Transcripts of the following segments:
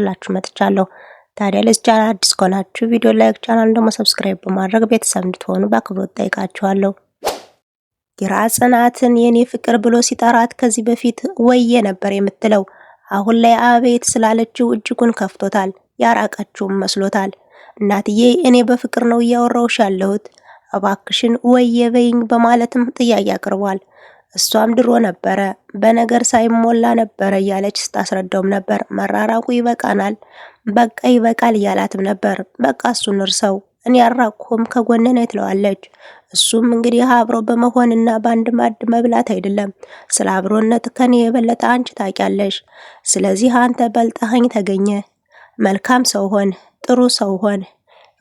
ይዤላችሁ መጥቻለሁ። ታዲያ ለዚህ ቻናል አዲስ ከሆናችሁ ቪዲዮ ላይክ፣ ቻናል ደግሞ ሰብስክራይብ በማድረግ ቤተሰብ እንድትሆኑ በአክብሮት ጠይቃችኋለሁ። ኪራ ጽናትን የኔ ፍቅር ብሎ ሲጠራት ከዚህ በፊት ወየ ነበር የምትለው። አሁን ላይ አቤት ስላለችው እጅጉን ከፍቶታል፣ ያራቀችውም መስሎታል። እናትዬ እኔ በፍቅር ነው እያወራውሽ ያለሁት፣ እባክሽን ወየ በይኝ በማለትም ጥያቄ አቅርቧል። እሷም ድሮ ነበረ በነገር ሳይሞላ ነበረ እያለች ስታስረዳውም ነበር። መራራቁ ይበቃናል፣ በቃ ይበቃል እያላትም ነበር። በቃ እሱን እርሰው እኔ ያራቅሁም ከጎን ነኝ ትለዋለች። እሱም እንግዲህ አብሮ በመሆንና በአንድ ማድ መብላት አይደለም፣ ስለ አብሮነት ከኔ የበለጠ አንቺ ታውቂያለሽ። ስለዚህ አንተ በልጠኸኝ ተገኘ፣ መልካም ሰው ሆን፣ ጥሩ ሰው ሆን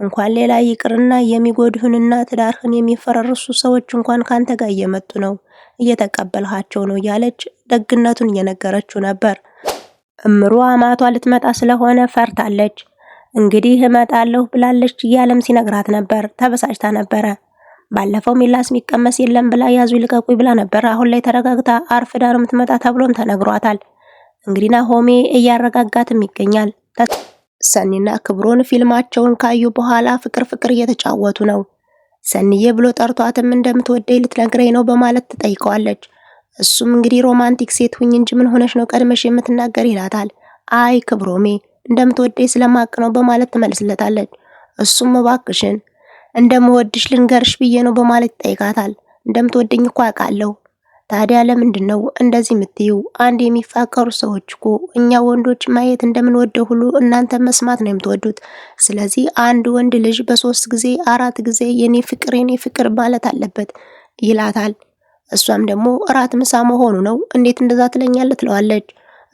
እንኳን ሌላ ይቅርና የሚጎድህንና ትዳርህን የሚፈራርሱ ሰዎች እንኳን ካንተ ጋር እየመጡ ነው፣ እየተቀበልሃቸው ነው እያለች ደግነቱን እየነገረችው ነበር። እምሩ አማቷ ልትመጣ ስለሆነ ፈርታለች። እንግዲህ እመጣለሁ ብላለች እያለም ሲነግራት ነበር። ተበሳጭታ ነበረ። ባለፈው ሚላስ የሚቀመስ የለም ብላ ያዙ ይልቀቁ ብላ ነበር። አሁን ላይ ተረጋግታ አርፍዳ ነው የምትመጣ ተብሎም ተነግሯታል። እንግዲህ ናሆሜ እያረጋጋትም ይገኛል። ሰኒና ክብሮን ፊልማቸውን ካዩ በኋላ ፍቅር ፍቅር እየተጫወቱ ነው። ሰኒዬ ብሎ ጠርቷትም እንደምትወደኝ ልትነግረኝ ነው በማለት ትጠይቀዋለች። እሱም እንግዲህ ሮማንቲክ ሴት ሁኝ እንጂ ምን ሆነሽ ነው ቀድመሽ የምትናገር ይላታል። አይ ክብሮሜ እንደምትወደኝ ስለማቅ ነው በማለት ትመልስለታለች። እሱም እባክሽን እንደምወድሽ ልንገርሽ ብዬ ነው በማለት ይጠይቃታል። እንደምትወደኝ እኮ አውቃለሁ ታዲያ ለምንድን ነው እንደዚህ የምትዩ? አንድ የሚፋቀሩ ሰዎች እኮ እኛ ወንዶች ማየት እንደምንወደው ሁሉ እናንተ መስማት ነው የምትወዱት። ስለዚህ አንድ ወንድ ልጅ በሶስት ጊዜ አራት ጊዜ የኔ ፍቅር የኔ ፍቅር ማለት አለበት ይላታል። እሷም ደግሞ እራት ምሳ መሆኑ ነው እንዴት እንደዛ ትለኛለ ትለዋለች።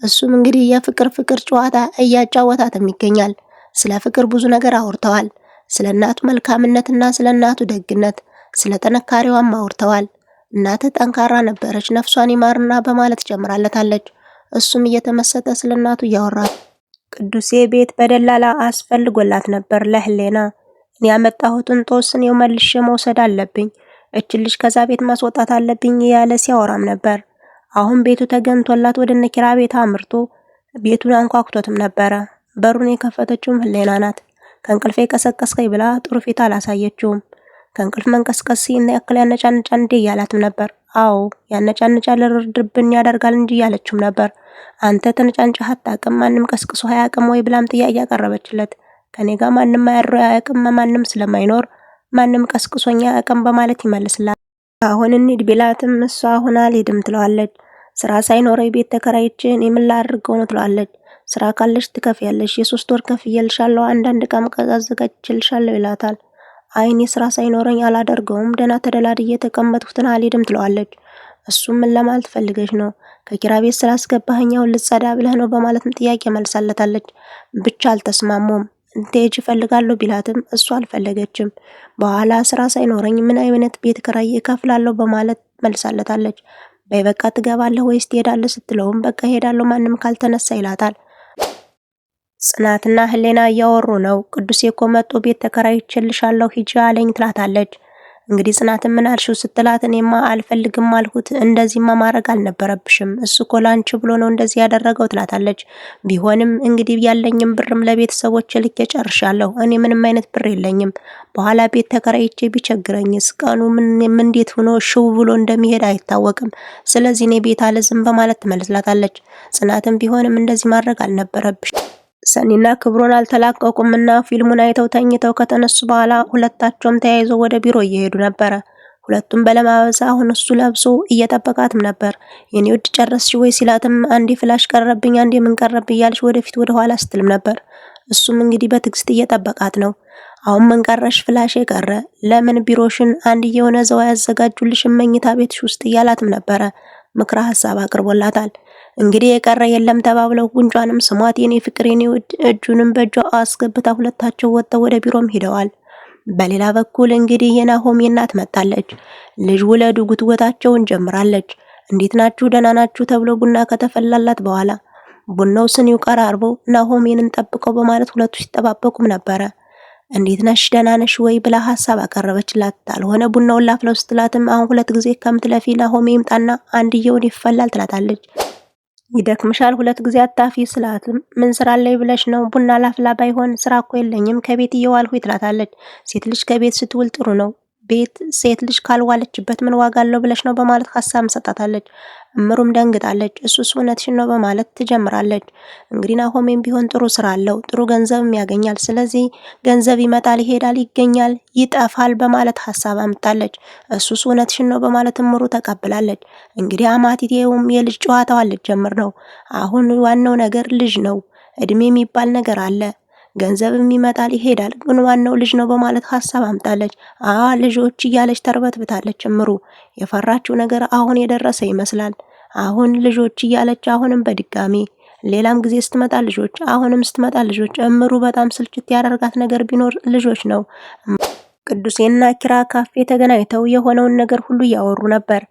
እሱም እንግዲህ የፍቅር ፍቅር ጨዋታ እያጫወታትም ይገኛል። ስለ ፍቅር ብዙ ነገር አውርተዋል። ስለ እናቱ መልካምነትና ስለ እናቱ ደግነት፣ ስለ ጥንካሬዋም አውርተዋል። እናትህ ጠንካራ ነበረች፣ ነፍሷን ይማርና በማለት ጀምራለታለች። እሱም እየተመሰጠ ስለ እናቱ እያወራት ቅዱሴ ቤት በደላላ አስፈልጎላት ነበር ለህሌና። እኔ ያመጣሁትን ጦስን የመልሽ መውሰድ አለብኝ፣ እች ልጅ ከዛ ቤት ማስወጣት አለብኝ እያለ ሲያወራም ነበር። አሁን ቤቱ ተገንቶላት ወደ ነኪራ ቤት አምርቶ ቤቱን አንኳኩቶትም ነበረ። በሩን የከፈተችውም ህሌና ናት። ከእንቅልፌ ቀሰቀስከኝ ብላ ጥሩ ፊት አላሳየችውም። ከእንቅልፍ መንቀስቀስ እና ያክል ያነጫንጫ እንዴ እያላትም ነበር። አዎ ያነጫንጫል፣ ርድብን ያደርጋል እንጂ እያለችም ነበር። አንተ ተነጫንጫህ አታውቅም፣ ማንም ቀስቅሶ አያውቅም ወይ ብላም ጥያቄ ያቀረበችለት። ከኔ ጋር ማንም አያድሮ አያውቅም፣ ማንም ስለማይኖር ማንም ቀስቅሶኛ አያውቅም በማለት ይመልስላል። አሁን እንሂድ ቢላትም እሷ አሁን አልሄድም ትለዋለች። ስራ ሳይኖረ ቤት ተከራይቼ እኔ ምን ላድርገው ነው ትለዋለች። ስራ ካለሽ ትከፍያለሽ፣ የሶስት ወር ከፍዬልሻለሁ፣ አንዳንድ ዕቃም አዘጋጅቼልሻለሁ ይላታል። አይን የስራ ስራ ሳይኖረኝ አላደርገውም ደና ተደላድዬ የተቀመጥኩትን አልሄድም ትለዋለች። እሱም ምን ለማለት ፈልገሽ ነው ከኪራ ቤት ስላስገባኸኝ አሁን ልጸዳ ብለህ ነው በማለትም ጥያቄ መልሳለታለች። ብቻ አልተስማሙም። እንቴጅ እፈልጋለሁ ቢላትም እሱ አልፈለገችም። በኋላ ስራ ሳይኖረኝ ምን አይነት ቤት ክራይ እከፍላለሁ በማለት መልሳለታለች። በይ በቃ ትገባለህ ወይስ ትሄዳለህ ስትለውም በቃ እሄዳለሁ ማንም ካልተነሳ ይላታል። ጽናትና ህሌና እያወሩ ነው። ቅዱሴ እኮ መጦ ቤት ተከራይቼልሻለሁ ሂጂ አለኝ ትላታለች። እንግዲህ ጽናትን ምን አልሽው ስትላት እኔማ አልፈልግም አልሁት፣ እንደዚህማ ማድረግ አልነበረብሽም፣ እሱ እኮ ላንቺ ብሎ ነው እንደዚህ ያደረገው ትላታለች። ቢሆንም እንግዲህ ያለኝም ብርም ለቤተሰቦች ልኬ ጨርሻለሁ፣ እኔ ምንም አይነት ብር የለኝም፣ በኋላ ቤት ተከራይቼ ቢቸግረኝስ ቀኑ ምን እንዴት ሆኖ ሽው ብሎ እንደሚሄድ አይታወቅም፣ ስለዚህ እኔ ቤት አለዝም በማለት ትመልስላታለች። ጽናትም ቢሆንም እንደዚህ ማድረግ አልነበረብሽም። ሰኒና አልተላቀቁም አልተላቀቁምና ፊልሙን አይተው ተኝተው ከተነሱ በኋላ ሁለታቸውም ተያይዘው ወደ ቢሮ እየሄዱ ነበረ። ሁለቱም በለማበሳ አሁን እሱ ለብሶ እየጠበቃትም ነበር። የኔ ውድ ጨረስሽ ወይ ሲላትም አንዴ ፍላሽ ቀረብኝ አንዴ ምን ቀረብ እያልሽ ወደፊት ወደ ኋላ ስትልም ነበር። እሱም እንግዲህ በትዕግስት እየጠበቃት ነው። አሁን ምን ቀረሽ? ፍላሽ ቀረ። ለምን ቢሮሽን አንድ የሆነ ዘዋ ያዘጋጁልሽ መኝታ ቤትሽ ውስጥ እያላትም ነበረ። ምክረ ሀሳብ አቅርቦላታል። እንግዲህ የቀረ የለም ተባብለው ጉንጯንም ስሟት የኔ ፍቅር የኔ እጁንም በእጇ አስገብታ ሁለታቸው ወጥተው ወደ ቢሮም ሄደዋል። በሌላ በኩል እንግዲህ የናሆሚ እናት መጣለች። ልጅ ውለዱ ጉትወታቸውን ጀምራለች። እንዴት ናችሁ ደህና ናችሁ ተብሎ ቡና ከተፈላላት በኋላ ቡናው ስኒው ቀራርቦ ናሆሜን እንጠብቀው በማለት ሁለቱ ሲጠባበቁም ነበረ። እንዴት ነሽ ደህና ነሽ ወይ ብላ ሀሳብ አቀረበችላት። አልሆነ ቡናውን ላፍለው ስትላትም አሁን ሁለት ጊዜ ከምትለፊ ናሆሜ ይምጣና አንድየውን ይፈላል ትላታለች። ይደክምሻል ሁለት ጊዜ አታፊ ስላት፣ ምን ስራ ላይ ብለሽ ነው? ቡና ላፍላ፣ ባይሆን ስራ እኮ የለኝም ከቤት እየዋልሁ ትላታለች። ሴት ልጅ ከቤት ስትውል ጥሩ ነው ቤት ሴት ልጅ ካልዋለችበት ምን ዋጋ አለው ብለሽ ነው በማለት ሀሳብ ሰጣታለች። እምሩም ደንግጣለች። እሱስ እውነትሽን ነው በማለት ትጀምራለች። እንግዲህ ናሆሜም ቢሆን ጥሩ ስራ አለው፣ ጥሩ ገንዘብም ያገኛል። ስለዚህ ገንዘብ ይመጣል፣ ይሄዳል፣ ይገኛል፣ ይጠፋል በማለት ሀሳብ አምጣለች። እሱስ እውነትሽን ነው በማለት እምሩ ተቀብላለች። እንግዲህ አማቲቴውም የልጅ ጨዋታዋ ጀምር ነው። አሁን ዋናው ነገር ልጅ ነው፣ እድሜ የሚባል ነገር አለ። ገንዘብም ይመጣል ይሄዳል፣ ግን ዋናው ልጅ ነው በማለት ሀሳብ አምጣለች። አ ልጆች እያለች ተርበትብታለች። እምሩ የፈራችው ነገር አሁን የደረሰ ይመስላል። አሁን ልጆች እያለች አሁንም በድጋሚ ሌላም ጊዜ ስትመጣ ልጆች፣ አሁንም ስትመጣ ልጆች። እምሩ በጣም ስልችት ያደርጋት ነገር ቢኖር ልጆች ነው። ቅዱሴና ኪራ ካፌ ተገናኝተው የሆነውን ነገር ሁሉ እያወሩ ነበር።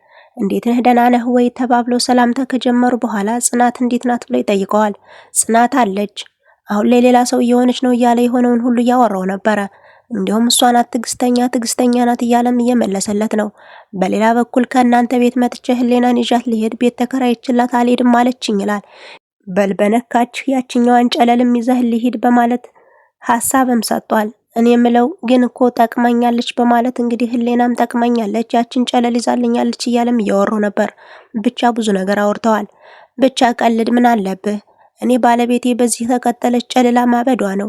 እንዴት ነህ ደህና ነህ ወይ ተባብለው ሰላምታ ከጀመሩ በኋላ ጽናት እንዴት ናት ብሎ ይጠይቀዋል። ጽናት አለች አሁን ላይ ሌላ ሰው እየሆነች ነው እያለ የሆነውን ሁሉ እያወራው ነበረ። እንዲሁም እሷ ናት ትግስተኛ ትዕግስተኛ ናት እያለም እየመለሰለት ነው። በሌላ በኩል ከእናንተ ቤት መጥቼ ህሌናን ይዣት ልሄድ ቤት ተከራይችላት አልሄድም አለችኝ ይላል። በል በነካች ያችኛዋን ጨለልም ይዘህ ልሂድ በማለት ሀሳብም ሰጥቷል። እኔ የምለው ግን እኮ ጠቅመኛለች በማለት እንግዲህ ህሌናም ጠቅመኛለች ያችን ጨለል ይዛልኛለች እያለም እያወሩ ነበር። ብቻ ብዙ ነገር አውርተዋል። ብቻ ቀልድ ምን አለብህ እኔ ባለቤቴ በዚህ ከቀጠለች ጨልላ ማበዷ ነው።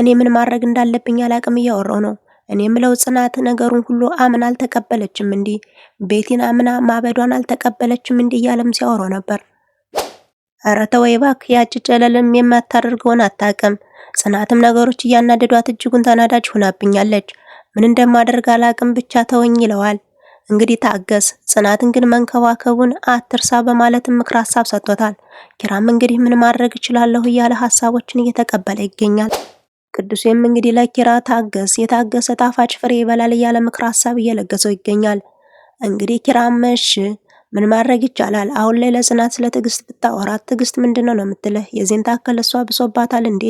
እኔ ምን ማድረግ እንዳለብኝ አላቅም እያወራው ነው። እኔ ምለው ጽናት ነገሩን ሁሉ አምና አልተቀበለችም እንዲህ ቤቲን አምና ማበዷን አልተቀበለችም እንዲህ እያለም ሲያወራው ነበር። እረ ተወይ እባክህ ያቺ ጨለልም የማታደርገውን አታቅም። ጽናትም ነገሮች እያናደዷት እጅጉን ተናዳጅ ሆናብኛለች። ምን እንደማደርግ አላቅም ብቻ ተወኝ ይለዋል። እንግዲህ ታገስ፣ ጽናትን ግን መንከባከቡን አትርሳ በማለትም ምክር ሀሳብ ሰጥቶታል። ኪራም እንግዲህ ምን ማድረግ እችላለሁ እያለ ሀሳቦችን እየተቀበለ ይገኛል። ቅዱሴም እንግዲህ ለኪራ ታገስ፣ የታገሰ ጣፋጭ ፍሬ ይበላል እያለ ምክር ሀሳብ እየለገሰው ይገኛል። እንግዲህ ኪራም እሺ ምን ማድረግ ይቻላል? አሁን ላይ ለጽናት ስለ ትዕግስት ብታወራት ትዕግስት ምንድነው ነው የምትልህ? የዚህን ታከል እሷ ብሶባታል እንዴ?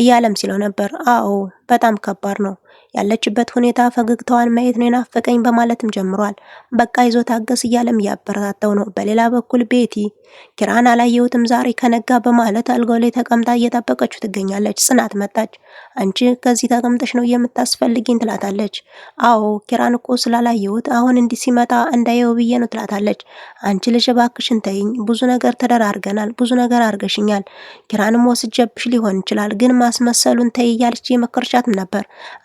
እያለም ሲለው ነበር። አዎ በጣም ከባድ ነው ያለችበት ሁኔታ ፈገግታዋን ማየት ነው የናፈቀኝ በማለትም ጀምሯል። በቃ ይዞ ታገስ እያለም እያበረታተው ነው። በሌላ በኩል ቤቲ ኪራን አላየሁትም ዛሬ ከነጋ በማለት አልጋው ላይ ተቀምጣ እየጠበቀችው ትገኛለች። ጽናት መጣች። አንቺ ከዚህ ተቀምጠሽ ነው የምታስፈልጊኝ ትላታለች። አዎ ኪራን እኮ ስላላየሁት አሁን እንዲህ ሲመጣ እንዳየው ብዬ ነው ትላታለች። አንቺ ልጅ እባክሽን ተይኝ፣ ብዙ ነገር ተደራርገናል፣ ብዙ ነገር አርገሽኛል። ኪራንም ወስጀብሽ ሊሆን ይችላል፣ ግን ማስመሰሉን ተይ እያለች ነበር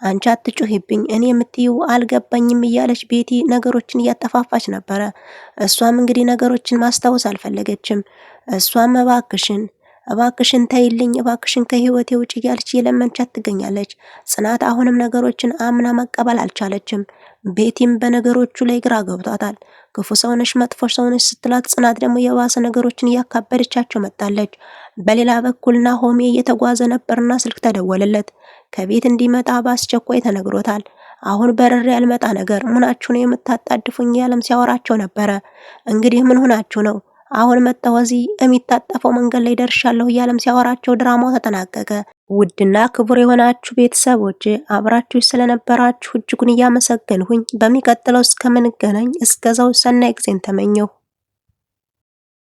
አንቺ አትጩሂብኝ፣ እኔ የምትይው አልገባኝም እያለች ቤቲ ነገሮችን እያጠፋፋች ነበረ። እሷም እንግዲህ ነገሮችን ማስታወስ አልፈለገችም። እሷም እባክሽን እባክሽን ተይልኝ፣ እባክሽን ከህይወቴ ውጭ እያለች እየለመንቻት ትገኛለች። ጽናት አሁንም ነገሮችን አምና መቀበል አልቻለችም። ቤቲም በነገሮቹ ላይ ግራ ገብቷታል። ክፉ ሰውነሽ፣ መጥፎ ሰውነሽ ስትላት ጽናት ደግሞ የባሰ ነገሮችን እያካበደቻቸው መጣለች። በሌላ በኩል ናሆሜ እየተጓዘ ነበርና ስልክ ተደወለለት። ከቤት እንዲመጣ በአስቸኳይ ተነግሮታል። አሁን በርር ያልመጣ ነገር ምናችሁ ነው የምታጣድፉኝ? ያለም ሲያወራቸው ነበረ። እንግዲህ ምን ሆናችሁ ነው አሁን መጥተው እዚህ የሚታጠፈው መንገድ ላይ ደርሻለሁ እያለም ሲያወራቸው ድራማው ተጠናቀቀ። ውድና ክቡር የሆናችሁ ቤተሰቦች አብራችሁ ስለነበራችሁ እጅጉን እያመሰገንሁኝ በሚቀጥለው እስከምንገናኝ እስከዛው ሰናይ ጊዜን ተመኘሁ።